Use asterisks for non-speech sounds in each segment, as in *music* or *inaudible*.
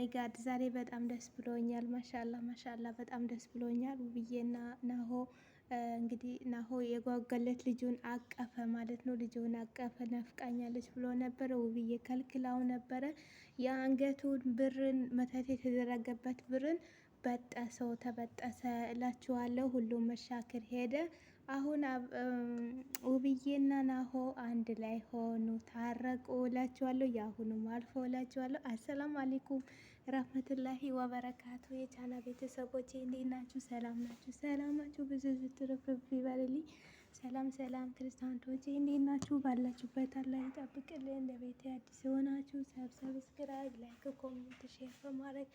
ማይ ጋድ ዛሬ በጣም ደስ ብሎኛል። ማሻላ ማሻላ በጣም ደስ ብሎኛል። ውብዬና ናሆ እንግዲህ ናሆ የጓጓለት ልጁን አቀፈ ማለት ነው። ልጁን አቀፈ ናፍቃኛለች ብሎ ነበረ። ውብዬ ከልክላው ነበረ። የአንገቱን ብርን መተት የተደረገበት ብርን በጠሰው ተበጠሰ እላችኋለሁ። ሁሉም መሻክር ሄደ። አሁን ውብዬና ናሆ አንድ ላይ ሆኑ፣ ታረቁ እላችኋለሁ። የአሁኑም አልፎ እላችኋለሁ። አሰላሙ አሌይኩም ረህመቱላሂ ወበረካቱ የቻና ቤተሰቦች እንዴት ናችሁ? ሰላም ናችሁ? ሰላማችሁ ብዙ ዝትርፍርፍ ይበልልኝ። ሰላም ሰላም ክርስቲያኖቼ እንዴት ናችሁ? ባላችሁበት አላህ ይጠብቅልን። ለቤት አዲስ የሆናችሁ ሰብስክራይብ፣ ላይክ፣ ኮሜንት፣ ሼር በማድረግ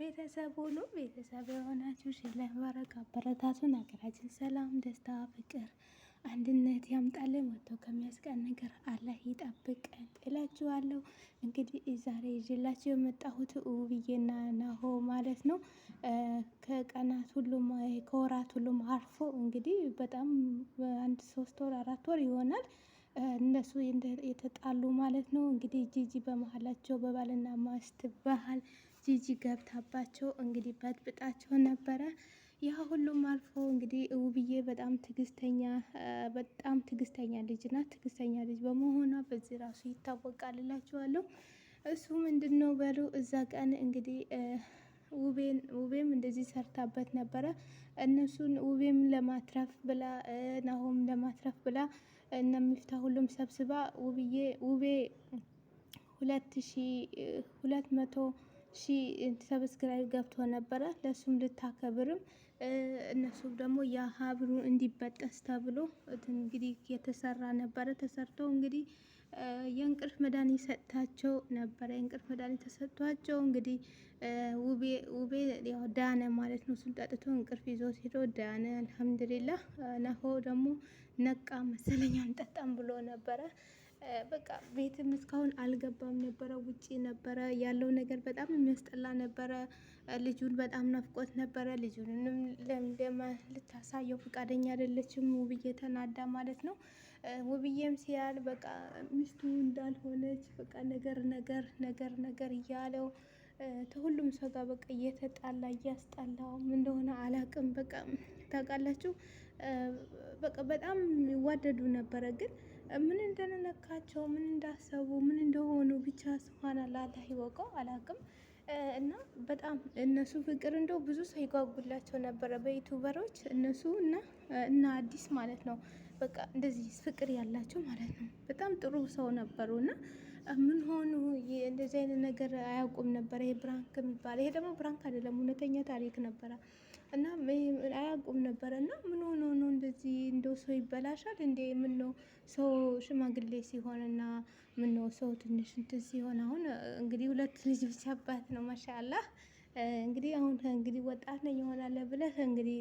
ቤተሰብ ሁሉ ቤተሰብ የሆናችሁ ሽለ ማድረግ አበረታቱን። ሀገራችን ሰላም፣ ደስታ፣ ፍቅር አንድነት ያምጣልን። ወጥቶ ከሚያስቀን ነገር አላህ ይጠብቀን እላችኋለሁ። እንግዲህ ዛሬ ይዤላችሁ የመጣሁት ውብዬና ናሆ ማለት ነው። ከቀናት ሁሉም ከወራት ሁሉም አርፎ እንግዲህ በጣም አንድ ሶስት ወር አራት ወር ይሆናል እነሱ የተጣሉ ማለት ነው። እንግዲህ ጂጂ በመሀላቸው በባልና ማስት ባህል ጂጂ ገብታባቸው እንግዲህ በጥብጣቸው ነበረ። ያ ሁሉም አልፎ እንግዲህ ውብዬ በጣም ትግስተኛ በጣም ትግስተኛ ልጅ ናት። ትግስተኛ ልጅ በመሆኗ በዚህ ራሱ ይታወቃል እላችኋለሁ። እሱ ምንድን ነው በሉ እዛ ቀን እንግዲህ ውቤም እንደዚህ ሰርታበት ነበረ። እነሱን ውቤም ለማትረፍ ብላ ናሆም ለማትረፍ ብላ እነ ሁሉም ሰብስባ ውብዬ ውቤ ሁለት ሺ ሁለት መቶ ሺ ሰብስክራይብ ገብቶ ነበረ ለእሱም ልታከብርም እነሱ ደግሞ ሀብሉ እንዲበጠስ ተብሎ እንግዲህ የተሰራ ነበረ። ተሰርቶ እንግዲህ የእንቅልፍ መድኃኒት ሰጥታቸው ነበረ። የእንቅልፍ መድኃኒት ተሰጥቷቸው እንግዲህ ውቤ ውቤ ያው ዳነ ማለት ነው። እሱን ጠጥቶ እንቅልፍ ይዞት ሄዶ ዳነ። አልሐምድሊላህ ናሆ ደግሞ ነቃ መሰለኝ አንጠጣም ብሎ ነበረ። በቃ ቤትም እስካሁን አልገባም ነበረ፣ ውጪ ነበረ ያለው ነገር በጣም የሚያስጠላ ነበረ። ልጁን በጣም ናፍቆት ነበረ። ልጁንም ለምደመ ልታሳየው ፈቃደኛ አይደለችም ውብዬ ተናዳ ማለት ነው። ውብዬም ሲያል በቃ ሚስቱ እንዳልሆነች በቃ ነገር ነገር ነገር ነገር እያለው ከሁሉም ሰው ጋር በቃ እየተጣላ እያስጠላው እንደሆነ አላቅም። በቃ ታውቃላችሁ፣ በቃ በጣም ይዋደዱ ነበረ ግን ምን እንደነካቸው ምን እንዳሰቡ ምን እንደሆኑ ብቻ ስብሃን አላህ ይወቀው አላቅም። እና በጣም እነሱ ፍቅር እንደው ብዙ ሰው ይጓጉላቸው ነበረ በዩቱበሮች እነሱ እና እና አዲስ ማለት ነው። በቃ እንደዚህ ፍቅር ያላቸው ማለት ነው። በጣም ጥሩ ሰው ነበሩ እና ምን ሆኑ እንደዚህ አይነት ነገር አያውቁም ነበረ። ይሄ ብራንክ የሚባለው ይሄ ደግሞ ብራንክ አይደለም፣ እውነተኛ ታሪክ ነበረ። እና አያውቁም ነበረ እና ምን ሆኖ ነው እንደዚህ እንደው ሰው ይበላሻል እንዴ? ምን ነው ሰው ሽማግሌ ሲሆን እና ምን ነው ሰው ትንሽ እንትን ሲሆን አሁን እንግዲህ ሁለት ልጆች አባት ነው ማሻላ እንግዲህ አሁን እንግዲህ ወጣት ነኝ ይሆናል ብለህ እንግዲህ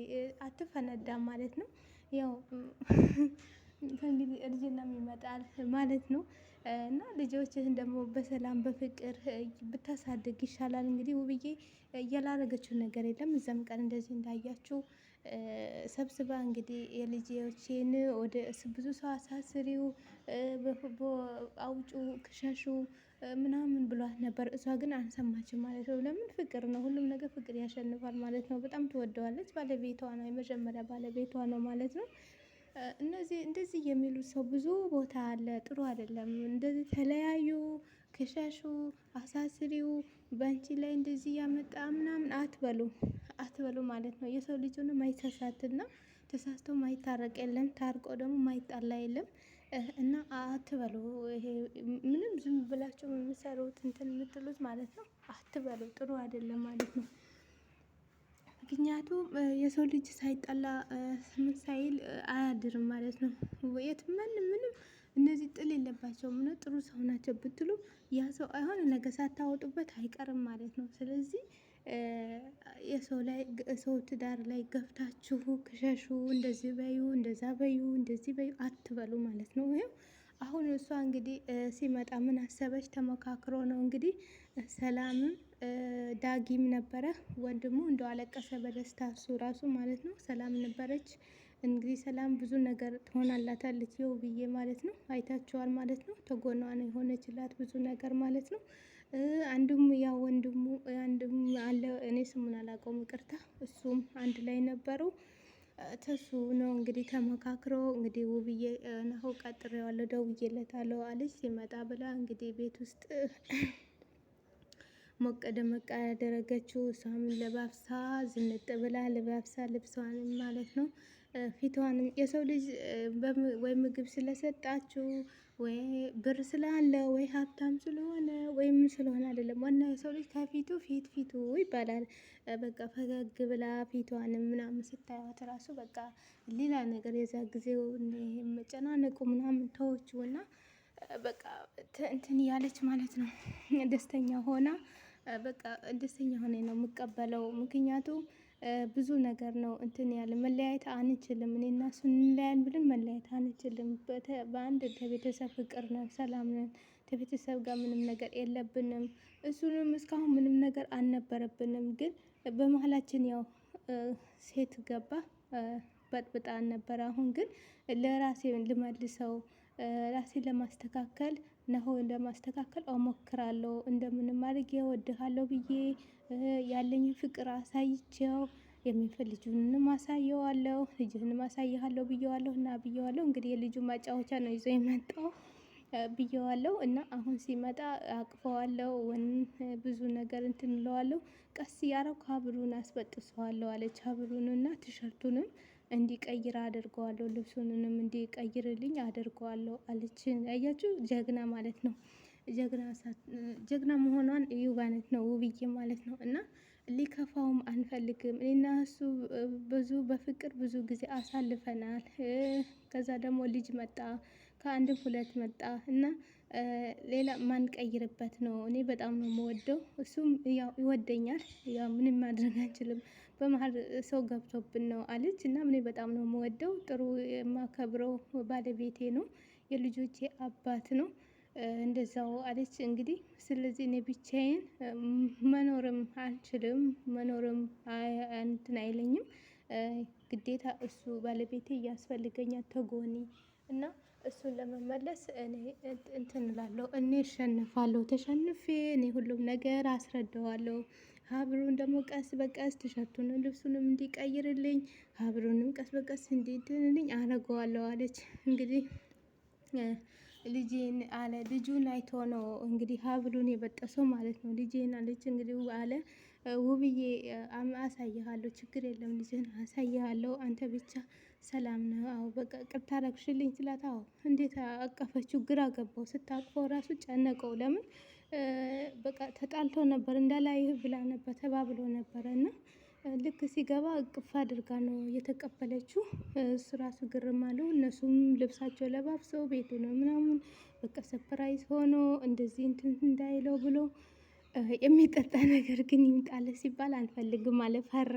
አትፈነዳም ማለት ነው። ያው እንግዲህ እርጅናም ይመጣል ማለት ነው። እና ልጆችህን ደግሞ በሰላም በፍቅር ብታሳድግ ይሻላል። እንግዲህ ውብዬ ያላረገችው ነገር የለም። እዛም ቀን እንደዚህ እንዳያችው ሰብስባ እንግዲህ የልጆችን ወደ ብዙ ሰው አሳስሪው አውጩ ክሸሹ ምናምን ብሏት ነበር። እሷ ግን አንሰማችም ማለት ነው። ለምን ፍቅር ነው፣ ሁሉም ነገር ፍቅር ያሸንፋል ማለት ነው። በጣም ትወደዋለች። ባለቤቷ ነው፣ የመጀመሪያ ባለቤቷ ነው ማለት ነው። እነዚህ እንደዚህ የሚሉት ሰው ብዙ ቦታ አለ። ጥሩ አይደለም። እንደዚህ ተለያዩ፣ ክሸሹ፣ አሳስሪው በአንቺ ላይ እንደዚህ ያመጣ ምናምን አትበሉ አትበሉ ማለት ነው። የሰው ልጅ ሆኖ ማይተሳትና ተሳስቶ ማይታረቅ የለም፣ ታርቆ ደግሞ ማይጣላ የለም። እና አትበሉ ይሄ ምንም ዝም ብላችሁ የምሰሩት እንትን የምትሉት ማለት ነው። አትበሉ ጥሩ አይደለም ማለት ነው። ምክንያቱም የሰው ልጅ ሳይጣላ ምን ሳይል አያድርም ማለት ነው። ወየት ምን ምንም እነዚህ ጥል የለባቸው ነው ጥሩ ሰው ናቸው ብትሉ ያ ሰው አይሆን ነገ ሳታወጡበት አይቀርም ማለት ነው። ስለዚህ የሰው ላይ ሰው ትዳር ላይ ገብታችሁ ክሸሹ፣ እንደዚህ በዩ፣ እንደዛ በዩ፣ እንደዚህ በዩ አትበሉ ማለት ነው። ወይም አሁን እሷ እንግዲህ ሲመጣ ምን አሰበች? ተመካክሮ ነው እንግዲህ ሰላምም ዳጊም ነበረ ወንድሙ እንደው አለቀሰ በደስታ እሱ ራሱ ማለት ነው። ሰላም ነበረች እንግዲህ ሰላም ብዙ ነገር ትሆናላታለች ይኸው ብዬ ማለት ነው። አይታችኋል ማለት ነው። ተጎኗ ነው የሆነችላት ብዙ ነገር ማለት ነው። አንድም ያ ወንድሙ አንድም አለ እኔ ስሙን አላውቀውም ይቅርታ። እሱም አንድ ላይ ነበሩ። ተሱ ነው እንግዲህ ተመካክሮ እንግዲህ ውብዬ ናሁ ቀጥሬዋለሁ ደውዬለታለሁ አለች። ሲመጣ ብላ እንግዲህ ቤት ውስጥ ሞቀ ደመቅ ያደረገችው እሷም ለባብሳ ዝንጥ ብላ ለባብሳ ልብሷንም ማለት ነው ፊቷንም የሰው ልጅ ወይ ምግብ ስለሰጣችው ወይ ብር ስላለ ወይ ሀብታም ስለሆነ ወይ ምን ስለሆነ አይደለም። ዋናው የሰው ልጅ ከፊቱ ፊት ፊቱ ይባላል። በቃ ፈገግ ብላ ፊቷንም ምናምን ስታዩት ራሱ በቃ ሌላ ነገር የዛ ጊዜው መጨናነቁ ምናምን እና በቃ እንትን እያለች ማለት ነው ደስተኛ ሆና በቃ ደስተኛ ሆኔ ነው የምቀበለው። ምክንያቱም ብዙ ነገር ነው እንትን ያለ መለያየት አንችልም። እኔ እና እሱ እንለያየን ብለን መለያየት አንችልም። በአንድ ከቤተሰብ ፍቅር ነን፣ ሰላም ነን። ከቤተሰብ ጋር ምንም ነገር የለብንም። እሱንም እስካሁን ምንም ነገር አልነበረብንም። ግን በመሀላችን ያው ሴት ገባ በጥብጣ ነበር። አሁን ግን ለራሴ ልመልሰው ራሴን ለማስተካከል ነሆ እንደማስተካከል እሞክራለሁ። እንደምንም አድርጌ እወድሃለሁ ብዬ ያለኝን ፍቅር አሳይቼው የሚፈልግ አሳየዋለሁ ልጅህንም አሳየሃለሁ ብየዋለሁ እና ብየዋለሁ። እንግዲህ የልጁ ማጫወቻ ነው ይዞ የመጣው ብየዋለሁ እና አሁን ሲመጣ አቅፈዋለሁ። ብዙ ነገር እንትንለዋለሁ። ቀስ እያረኩ ሀብሉን አስበጥሰዋለሁ አለች ሀብሉንና ቲሸርቱንም እንዲቀይር አደርገዋለሁ፣ ልብሱንም እንዲቀይርልኝ አድርገዋለሁ አለች። አያችሁ ጀግና ማለት ነው። ጀግና መሆኗን እዩ ማለት ነው፣ ውብዬ ማለት ነው። እና ሊከፋውም አንፈልግም። እኔና እሱ ብዙ በፍቅር ብዙ ጊዜ አሳልፈናል። ከዛ ደግሞ ልጅ መጣ፣ ከአንድም ሁለት መጣ እና ሌላ ማንቀይርበት ነው። እኔ በጣም ነው የምወደው፣ እሱም ያው ይወደኛል። ያው ምንም ማድረግ አንችልም። በመሀል ሰው ገብቶብን ነው አለች። እና እኔ በጣም ነው የምወደው ጥሩ የማከብረው ባለቤቴ ነው፣ የልጆቼ አባት ነው እንደዛው አለች። እንግዲህ ስለዚህ እኔ ብቻዬን መኖርም አልችልም፣ መኖርም እንትን አይለኝም። ግዴታ እሱ ባለቤቴ እያስፈልገኛል ተጎኒ እና እሱን ለመመለስ እኔ እንትን እላለሁ፣ እኔ እሸንፋለሁ። ተሸንፌ እኔ ሁሉም ነገር አስረዳዋለሁ። ሀብሩን ደግሞ ቀስ በቀስ ቲሸርቱንም ልብሱንም እንዲቀይርልኝ ሀብሩንም ቀስ በቀስ እንዲድንልኝ አረገዋለሁ አለች። እንግዲህ ልጄን አለ ልጁን አይቶ ነው እንግዲህ ሀብሉን የበጠሰው ማለት ነው። ልጄን አለች እንግዲህ አለ ውብዬ አሳይሃለሁ፣ ችግር የለም ልጅህን አሳይሃለሁ፣ አንተ ብቻ ሰላም ነው። አዎ በቃ ቅርታ ረግሽልኝ ስላት፣ አዎ እንዴት አቀፈችው። ግራ ገባው። ስታቅፈው ራሱ ጨነቀው። ለምን በቃ ተጣልቶ ነበር እንዳላይህ ብላ ነበር ተባብሎ ነበረ እና ልክ ሲገባ እቅፍ አድርጋ ነው የተቀበለችው። እሱ ራሱ ግርም አለው። እነሱም ልብሳቸው ለባብሰው ቤቱ ነው ምናምን በቃ ሰፕራይዝ ሆኖ እንደዚህ እንትን እንዳይለው ብሎ የሚጠጣ ነገር ግን ይምጣለ ሲባል አንፈልግም ማለት ፈራ።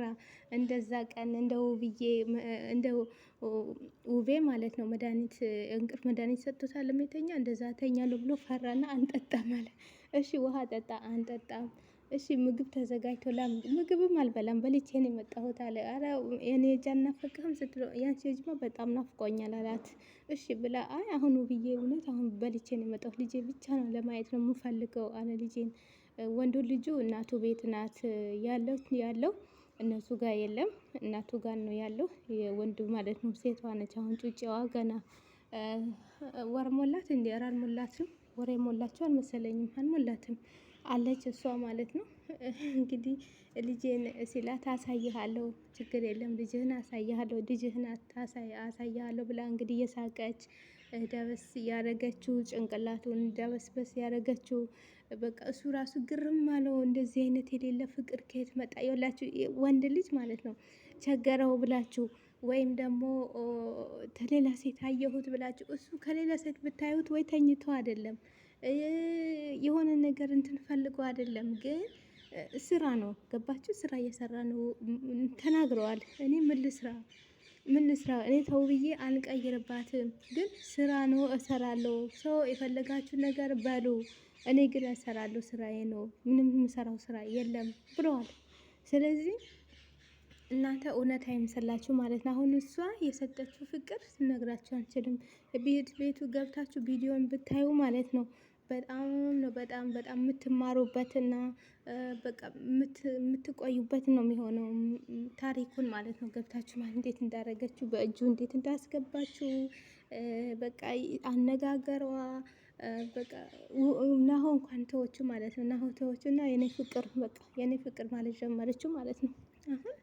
እንደዛ ቀን እንደ ውብዬ እንደ ውቤ ማለት ነው መድኃኒት እንቅልፍ መድኃኒት ሰጥቶታል ለሚተኛ እንደዛ ተኛለሁ ብሎ ፈራና አንጠጣ ማለት እሺ ውሃ ጠጣ፣ አንጠጣም። እሺ ምግብ ተዘጋጅቶ ምግብም አልበላም በልቼ ነው የመጣሁት አለ። አረ እኔ እጅ አናፈቅህም ስትለው ያቺ ልጅማ በጣም ናፍቆኛል አላት። እሺ ብላ አይ አሁን ውብዬ እውነት አሁን በልቼ ነው የመጣሁት ልጄ ብቻ ነው ለማየት ነው የምፈልገው አለ ልጄን። ወንዱ ልጁ እናቱ ቤት ናት ያለው ያለው እነሱ ጋር የለም እናቱ ጋር ነው ያለው ወንዱ ማለት ነው። ሴቷ ነች አሁን ጩጬዋ ገና ወር ሞላት እንዲ ራል ሞላትም ወሬ ሞላቸው አልመሰለኝም። አልሞላትም አለች እሷ ማለት ነው። እንግዲህ ልጅን ሲላት አሳይሃለሁ፣ ችግር የለም ልጅህን አሳይሃለሁ፣ ልጅህን አሳይሃለሁ ብላ እንግዲህ የሳቀች ደበስ ያረገችው ጭንቅላቱን ደበስበስ ያረገችው በቃ እሱ ራሱ ግርም አለው። እንደዚህ አይነት የሌለ ፍቅር ከየት መጣ? የላችሁ ወንድ ልጅ ማለት ነው ቸገረው ብላችሁ ወይም ደግሞ ከሌላ ሴት አየሁት ብላችሁ እሱ ከሌላ ሴት ብታዩት ወይ ተኝቶ አይደለም የሆነ ነገር እንትን ፈልጎ አይደለም፣ ግን ስራ ነው። ገባችሁ? ስራ እየሰራ ነው ተናግረዋል። እኔ ምን ልስራ ምን ልስራ እኔ ተው ብዬ አልቀይርባትም፣ ግን ስራ ነው እሰራለሁ። ሰው የፈለጋችሁ ነገር በሉ፣ እኔ ግን እሰራለሁ፣ ስራዬ ነው። ምንም የምሰራው ስራ የለም ብለዋል። ስለዚህ እናንተ እውነት አይመስላችሁ ማለት ነው። አሁን እሷ የሰጠችው ፍቅር ስነግራችሁ አንችልም። ቤት ቤቱ ገብታችሁ ቪዲዮን ብታዩ ማለት ነው በጣም ነው በጣም በጣም የምትማሩበት እና በቃ የምትቆዩበት ነው የሚሆነው ታሪኩን ማለት ነው። ገብታችሁ ማለት እንዴት እንዳደረገችው በእጁ እንዴት እንዳስገባችው በቃ አነጋገሯ በቃ ናሆ እንኳን ተወችው ማለት ነው። ናሆ ተወችው እና የኔ ፍቅር በቃ የኔ ፍቅር ማለት ጀመረችው ማለት ነው አሁን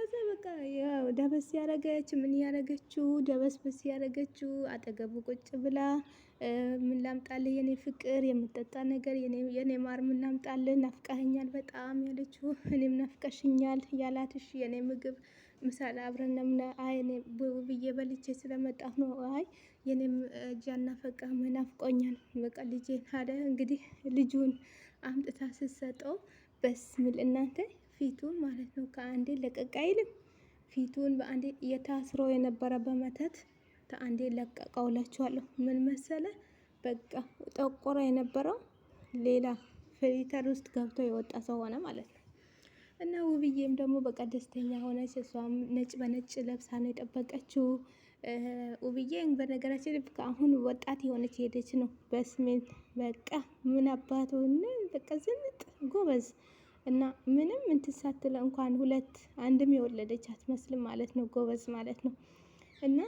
ከዛ በቃ ያው ደበስ ያረገች ምን ያረገችው ደበስ በስ ያረገችው አጠገቡ ቁጭ ብላ ምን ላምጣልህ የኔ ፍቅር የምጠጣ ነገር የኔ ማር ምን ላምጣልህ ናፍቃኸኛል በጣም ያለችው እኔም ናፍቀሽኛል ያላትሽ የኔ ምግብ ምሳሌ አብረን ለምነ አይ እኔ ብዬ በልቼ ስለመጣሁ ነው። አይ የኔም እጅ አናፈቀህም ምናፍቆኛል በቃ ልጄ ታዲያ እንግዲህ ልጁን አምጥታ ስትሰጠው በስሚል እናንተ ፊቱን ማለት ነው ከአንዴ ለቀቅ አይልም። ፊቱን በአንዴ የታስሮ የነበረ በመተት ከአንዴ ለቀቃ እላችኋለሁ። ምን መሰለ በቃ ጠቆረ የነበረው ሌላ ፍሊተር ውስጥ ገብቶ የወጣ ሰው ሆነ ማለት ነው። እና ውብዬም ደግሞ በቃ ደስተኛ ሆነች። እሷም ነጭ በነጭ ለብሳ ነው የጠበቀችው። ውብዬ በነገራችን አሁን ወጣት የሆነች ሄደች ነው በስሜን በቃ ምን አባቱ በቃ ዝንጥ ጎበዝ እና ምንም እንትን ሳትለ እንኳን ሁለት አንድም የወለደች አትመስልም ማለት ነው። ጎበዝ ማለት ነው። እና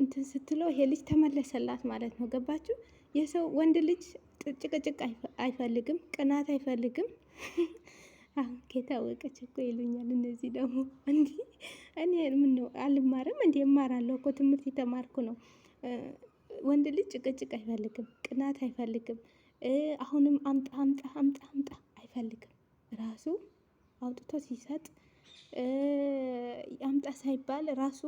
እንትን ስትለው ይሄ ልጅ ተመለሰላት ማለት ነው። ገባችሁ? የሰው ወንድ ልጅ ጭቅጭቅ አይፈልግም፣ ቅናት አይፈልግም። ከታወቀች እኮ ይሉኛል እነዚህ ደግሞ እንዲ እኔ ምን ነው አልማርም እንዲ እማራለሁ እኮ ትምህርት የተማርኩ ነው። ወንድ ልጅ ጭቅጭቅ አይፈልግም፣ ቅናት አይፈልግም። አሁንም አምጣ አምጣ አምጣ አምጣ አይፈልግም። ራሱ አውጥቶ ሲሰጥ አምጣ ሳይባል ራሱ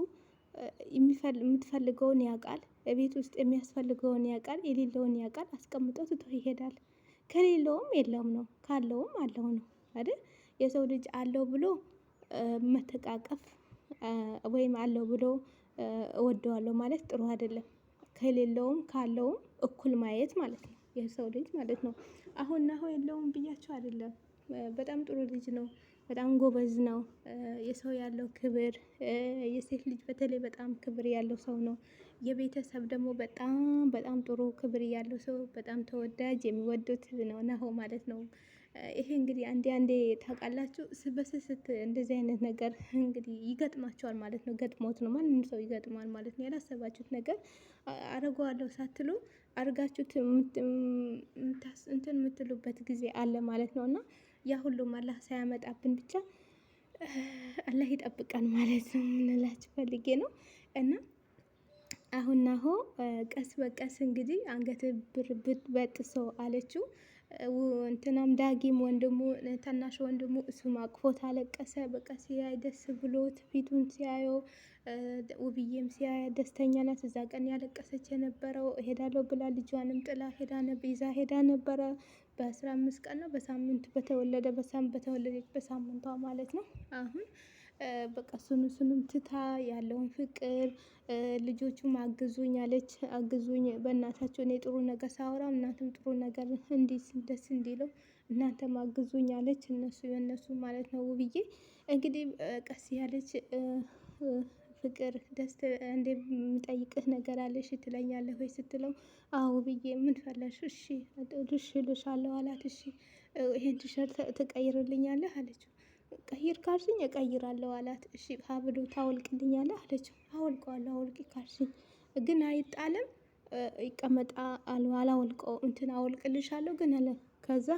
የምትፈልገውን ያውቃል። ቤት ውስጥ የሚያስፈልገውን ያውቃል። የሌለውን ያውቃል። አስቀምጦ ትቶ ይሄዳል። ከሌለውም የለውም ነው፣ ካለውም አለው ነው አይደል? የሰው ልጅ አለው ብሎ መተቃቀፍ ወይም አለው ብሎ እወደዋለሁ ማለት ጥሩ አይደለም። ከሌለውም ካለውም እኩል ማየት ማለት ነው። የሰው ልጅ ማለት ነው። አሁን ናሆ የለውም ብያቸው አይደለም። በጣም ጥሩ ልጅ ነው። በጣም ጎበዝ ነው። የሰው ያለው ክብር የሴት ልጅ በተለይ በጣም ክብር ያለው ሰው ነው። የቤተሰብ ደግሞ በጣም በጣም ጥሩ ክብር ያለው ሰው በጣም ተወዳጅ የሚወዱት ነው ናሆ ማለት ነው። ይሄ እንግዲህ አንዴ አንዴ ታውቃላችሁ በስስት እንደዚህ አይነት ነገር እንግዲህ ይገጥማቸዋል ማለት ነው። ገጥሞት ነው ማንም ሰው ይገጥማል ማለት ነው። ያላሰባችሁት ነገር አረገዋለሁ ሳትሉ አድርጋችሁት እንትን የምትሉበት ጊዜ አለ ማለት ነው እና ያ ሁሉም አላህ ሳያመጣብን ብቻ አላህ ይጠብቀን ማለት ነው የምንላችሁ ፈልጌ ነው እና አሁን አሁ ቀስ በቀስ እንግዲህ አንገት ብር ብትበጥ ሰው አለችው። እንትናም ዳጊም ወንድሙ ታናሽ ወንድሙ እሱም አቅፎት አለቀሰ። በቃ ሲያይ ደስ ብሎት ፊቱን ሲያየው ውብዬም ሲያየ ደስተኛ ናት። እዛ ቀን ያለቀሰች የነበረው ሄዳለሁ ብላ ልጇንም ጥላ ሄዳ ይዛ ሄዳ ነበረ። በአስራ አምስት ቀን ነው በሳምንቱ በተወለደ በሳም በተወለደች በሳምንቷ ማለት ነው አሁን በቃ ስኑ ስኑም ትታ ያለውን ፍቅር ልጆቹም አግዙኝ አለች። አግዙኝ በእናታቸው እኔ ጥሩ ነገር ሳወራ እናንተም ጥሩ ነገር እንዲህ ደስ እንዲለው እናንተም አግዙኝ አለች። እነሱ የእነሱ ማለት ነው ውብዬ እንግዲህ ቀስ ያለች ፍቅር ደስ እንዴ የምጠይቅህ ነገር አለሽ ትለኛለህ ወይ ስትለው አዎ ብዬ ምን ፈለሽ? እሺ ልሽ ልሽ አለው አላት። እሺ ይህን ቲሸርት ትቀይርልኛለህ አለችው። ቀይር ካልሽኝ እቀይራለሁ አላት። እሺ ሀብሉ ታወልቅልኝ አለ አለችው። አወልቀዋለሁ አወልቂ ካልሽኝ ግን አይጣልም ይቀመጣ አሉ አላወልቀው እንትን አወልቅልሻለሁ ግን አለ። ከዛ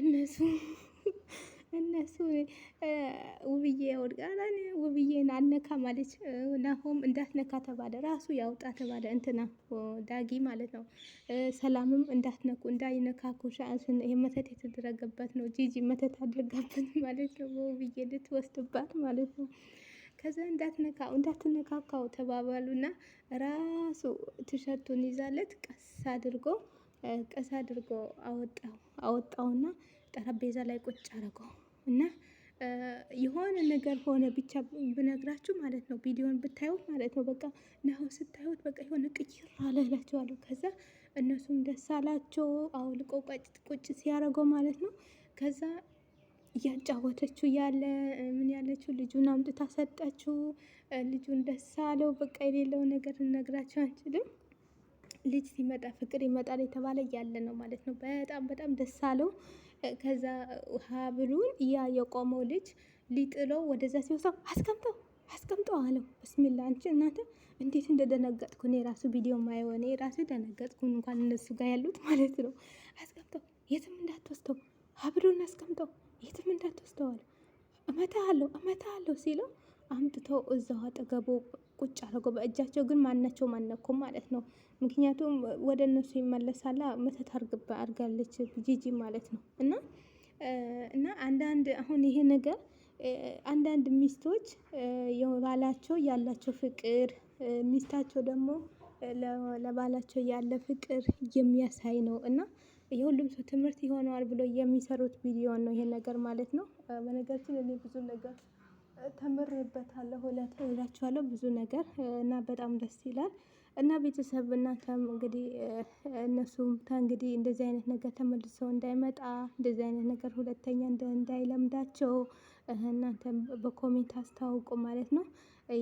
እነሱ እነሱ ውብዬ ወድቃ ውብዬን አልነካ ማለች። ናሆም እንዳትነካ ተባለ። ራሱ ያውጣ ተባለ። እንትና ዳጊ ማለት ነው። ሰላምም እንዳትነኩ እንዳይነካኩ መተት የተደረገበት ነው። ጂጂ መተት አድርጋበት *laughs* ማለት ነው። በውብዬ ልትወስድባት ማለት ነው። ከዛ እንዳትነካ እንዳትነካካው ተባባሉና ራሱ ትሸቱን ይዛለት ቀስ አድርጎ ቀስ አድርጎ አወጣው አወጣውና ጠረጴዛ ላይ ቁጭ አድርገው እና የሆነ ነገር ሆነ ብቻ ብነግራችሁ ማለት ነው። ቪዲዮን ብታዩት ማለት ነው በቃ ናሁ ስታዩት በቃ የሆነ ቅይር አለላቸዋለሁ። ከዛ እነሱም ደስ አላቸው አውልቆ ቁጭ ሲያደርገው ማለት ነው። ከዛ እያጫወተችው ያለ ምን ያለችው ልጁን አምጥታ ሰጠችው። ልጁን ደስ አለው። በቃ የሌለው ነገር ልነግራቸው አንችልም። ልጅ ሲመጣ ፍቅር ይመጣል የተባለ ያለ ነው ማለት ነው። በጣም በጣም ደስ አለው። ከዛ ሀብሉን ያ የቆመው ልጅ ሊጥለው ወደዛ ሲወስደው አስቀምጠው አስቀምጠው አለው። ብስሚላ አንቺ እናንተ እንዴት እንደደነገጥኩ እኔ ራሱ ቪዲዮ ማየው እኔ ራሱ ደነገጥኩ። እንኳን እነሱ ጋር ያሉት ማለት ነው። አስቀምጠው የትም እንዳትወስደው፣ ሀብሉን አስቀምጠው የትም እንዳትወስደው አለ። እመታ አለው እመታ አለው ሲለው አምጥተው እዛው አጠገቡ ቁጭ አድርገው በእጃቸው ግን ማናቸው ማነኩም ማለት ነው ምክንያቱም ወደ እነሱ ይመለሳላ መተት አርግባ አርጋለች ጂጂ ማለት ነው። እና እና አንዳንድ አሁን ይሄ ነገር አንዳንድ ሚስቶች የባላቸው ያላቸው ፍቅር ሚስታቸው ደግሞ ለባላቸው ያለ ፍቅር የሚያሳይ ነው እና የሁሉም ሰው ትምህርት ይሆነዋል ብሎ የሚሰሩት ቪዲዮ ነው ይሄ ነገር ማለት ነው። በነገራችን እኔ ብዙ ነገር ተምሬበታለሁ እላችኋለሁ ብዙ ነገር እና በጣም ደስ ይላል። እና ቤተሰብ እናንተም እንግዲህ እነሱም ከእንግዲህ እንደዚህ አይነት ነገር ተመልሰው እንዳይመጣ እንደዚህ አይነት ነገር ሁለተኛ እንዳይለምዳቸው እናንተም በኮሜንት አስታውቁ ማለት ነው።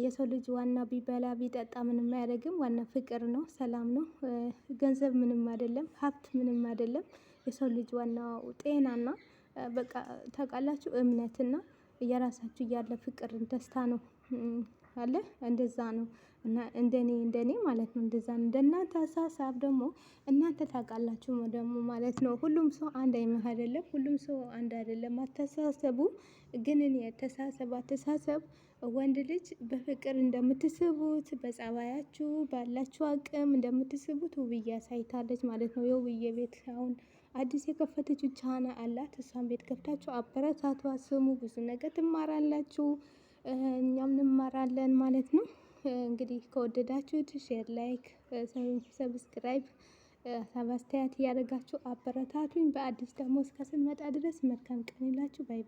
የሰው ልጅ ዋና ቢበላ ቢጠጣ ምንም አያደርግም። ዋና ፍቅር ነው፣ ሰላም ነው። ገንዘብ ምንም አይደለም፣ ሀብት ምንም አይደለም። የሰው ልጅ ዋናው ጤናና በቃ ታውቃላችሁ እምነትና የራሳችሁ ያለ ፍቅር ደስታ ነው። አለ እንደዛ ነው። እና እንደኔ እንደኔ ማለት ነው እንደዛ ነው። እንደናንተ አሳሳብ ደግሞ እናንተ ታውቃላችሁ ደግሞ ማለት ነው። ሁሉም ሰው አንድ አይነት አይደለም። ሁሉም ሰው አንድ አይደለም። አተሳሰቡ ግን እኔ አተሳሰብ አተሳሰብ ወንድ ልጅ በፍቅር እንደምትስቡት በጸባያችሁ ባላችሁ አቅም እንደምትስቡት ውብዬ አሳይታለች ማለት ነው። የውብዬ ቤት አሁን አዲስ የከፈተችው ቻና አላት። እሷን ቤት ከፍታችሁ አበረታቷ፣ ስሙ፣ ብዙ ነገር ትማራላችሁ። እኛም እንማራለን ማለት ነው። እንግዲህ ከወደዳችሁት ሼር፣ ላይክ፣ ሰብስክራይብ አስተያየት እያደረጋችሁ አበረታቱኝ። በአዲስ ደግሞ እስከ ስንመጣ ድረስ መልካም ቀን ይላችሁ ባይ